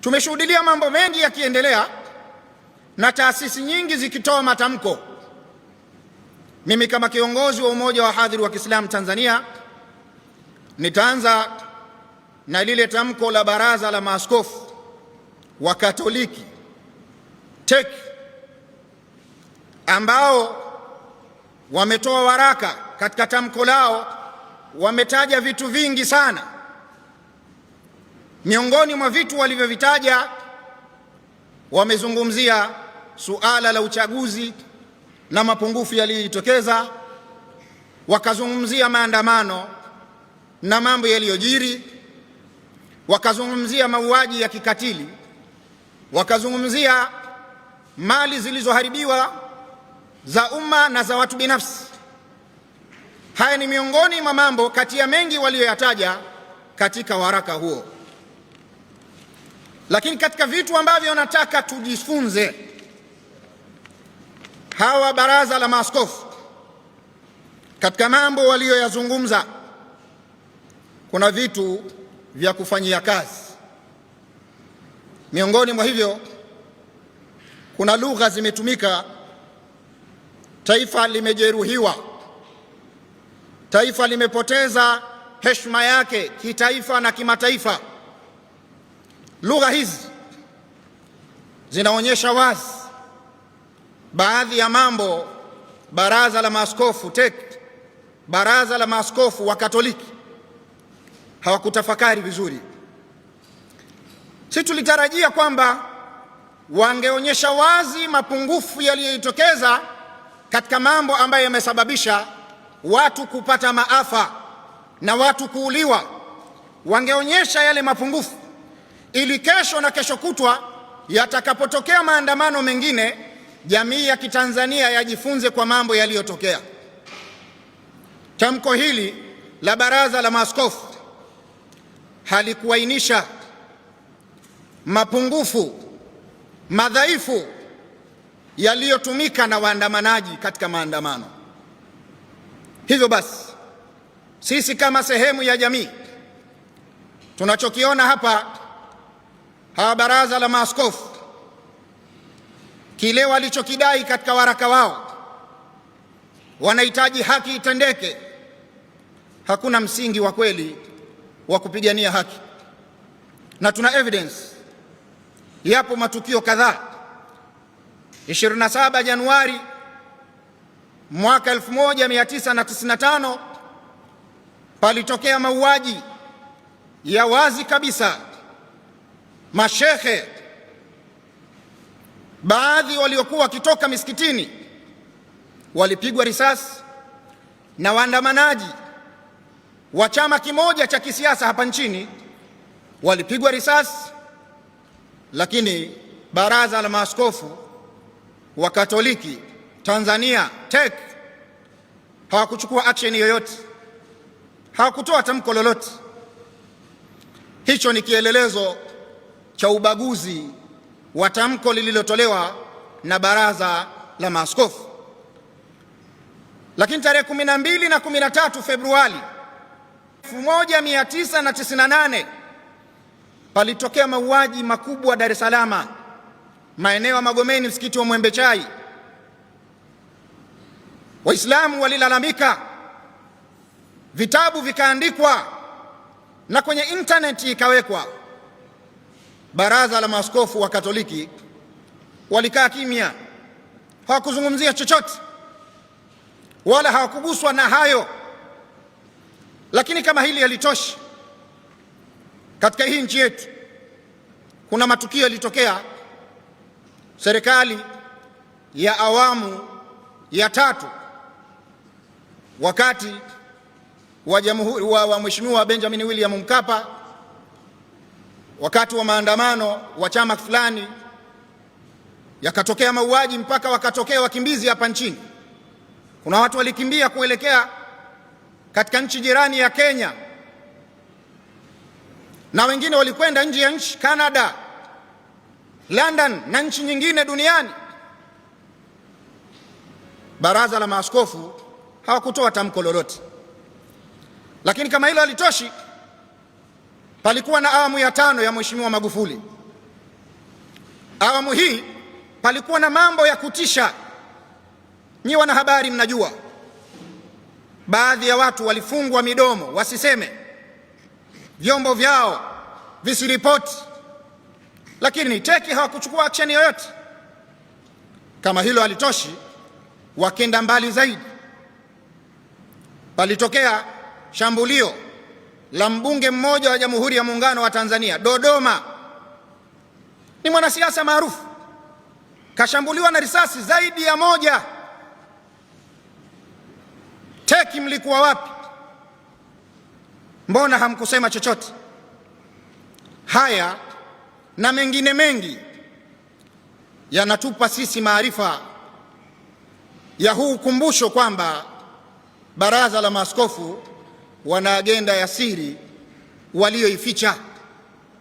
Tumeshuhudia mambo mengi yakiendelea na taasisi nyingi zikitoa matamko. Mimi kama kiongozi wa Umoja wa Hadhiri wa Kiislamu Tanzania nitaanza na lile tamko la Baraza la Maaskofu wa Katoliki TEC ambao wametoa waraka. Katika tamko lao wametaja vitu vingi sana Miongoni mwa vitu walivyovitaja wamezungumzia suala la uchaguzi na mapungufu yaliyojitokeza, wakazungumzia maandamano na mambo yaliyojiri, wakazungumzia mauaji ya kikatili, wakazungumzia mali zilizoharibiwa za umma na za watu binafsi. Haya ni miongoni mwa mambo kati ya mengi waliyoyataja katika waraka huo. Lakini katika vitu ambavyo nataka tujifunze, hawa baraza la maaskofu katika mambo waliyoyazungumza, kuna vitu vya kufanyia kazi. Miongoni mwa hivyo, kuna lugha zimetumika, taifa limejeruhiwa, taifa limepoteza heshima yake kitaifa na kimataifa. Lugha hizi zinaonyesha wazi baadhi ya mambo baraza la maaskofu TEC, baraza la maaskofu wa Katoliki hawakutafakari vizuri. Si tulitarajia kwamba wangeonyesha wazi mapungufu yaliyojitokeza katika mambo ambayo yamesababisha watu kupata maafa na watu kuuliwa, wangeonyesha yale mapungufu ili kesho na kesho kutwa yatakapotokea maandamano mengine, jamii ya Kitanzania yajifunze kwa mambo yaliyotokea. Tamko hili la Baraza la Maaskofu halikuainisha mapungufu, madhaifu yaliyotumika na waandamanaji katika maandamano. Hivyo basi, sisi kama sehemu ya jamii tunachokiona hapa hawa baraza la maaskofu kile walichokidai katika waraka wao, wanahitaji haki itendeke. Hakuna msingi wa kweli wa kupigania haki, na tuna evidence. Yapo matukio kadhaa. 27 Januari mwaka 1995 palitokea mauaji ya wazi kabisa mashehe baadhi waliokuwa wakitoka misikitini walipigwa risasi na waandamanaji wa chama kimoja cha kisiasa hapa nchini, walipigwa risasi, lakini baraza la maaskofu wa Katoliki Tanzania TEC hawakuchukua action yoyote, hawakutoa tamko lolote. Hicho ni kielelezo cha ubaguzi wa tamko lililotolewa na baraza la maaskofu. Lakini tarehe 12 na 13 Februari 1998 palitokea mauaji makubwa Dar es Salaam, maeneo ya Magomeni, msikiti wa Mwembe Chai. Waislamu walilalamika, vitabu vikaandikwa na kwenye intaneti ikawekwa Baraza la maaskofu wa Katoliki walikaa kimya, hawakuzungumzia chochote wala hawakuguswa na hayo. Lakini kama hili halitoshi, katika hii nchi yetu kuna matukio yalitokea serikali ya awamu ya tatu wakati wa, wa Mheshimiwa Benjamin William Mkapa wakati wa maandamano wa chama fulani, yakatokea mauaji mpaka wakatokea wakimbizi hapa nchini. Kuna watu walikimbia kuelekea katika nchi jirani ya Kenya na wengine walikwenda nje ya nchi, Canada, London na nchi nyingine duniani. Baraza la maaskofu hawakutoa tamko lolote, lakini kama hilo halitoshi Palikuwa na awamu ya tano ya Mheshimiwa Magufuli. Awamu hii palikuwa na mambo ya kutisha. Nyi wanahabari mnajua, baadhi ya watu walifungwa midomo wasiseme, vyombo vyao visiripoti, lakini teki hawakuchukua aksheni yoyote. Kama hilo halitoshi, wakenda mbali zaidi, palitokea shambulio la mbunge mmoja wa Jamhuri ya Muungano wa Tanzania Dodoma. Ni mwanasiasa maarufu, kashambuliwa na risasi zaidi ya moja. Teki, mlikuwa wapi? Mbona hamkusema chochote? Haya na mengine mengi yanatupa sisi maarifa ya huu ukumbusho kwamba Baraza la Maaskofu wana agenda ya siri walioificha.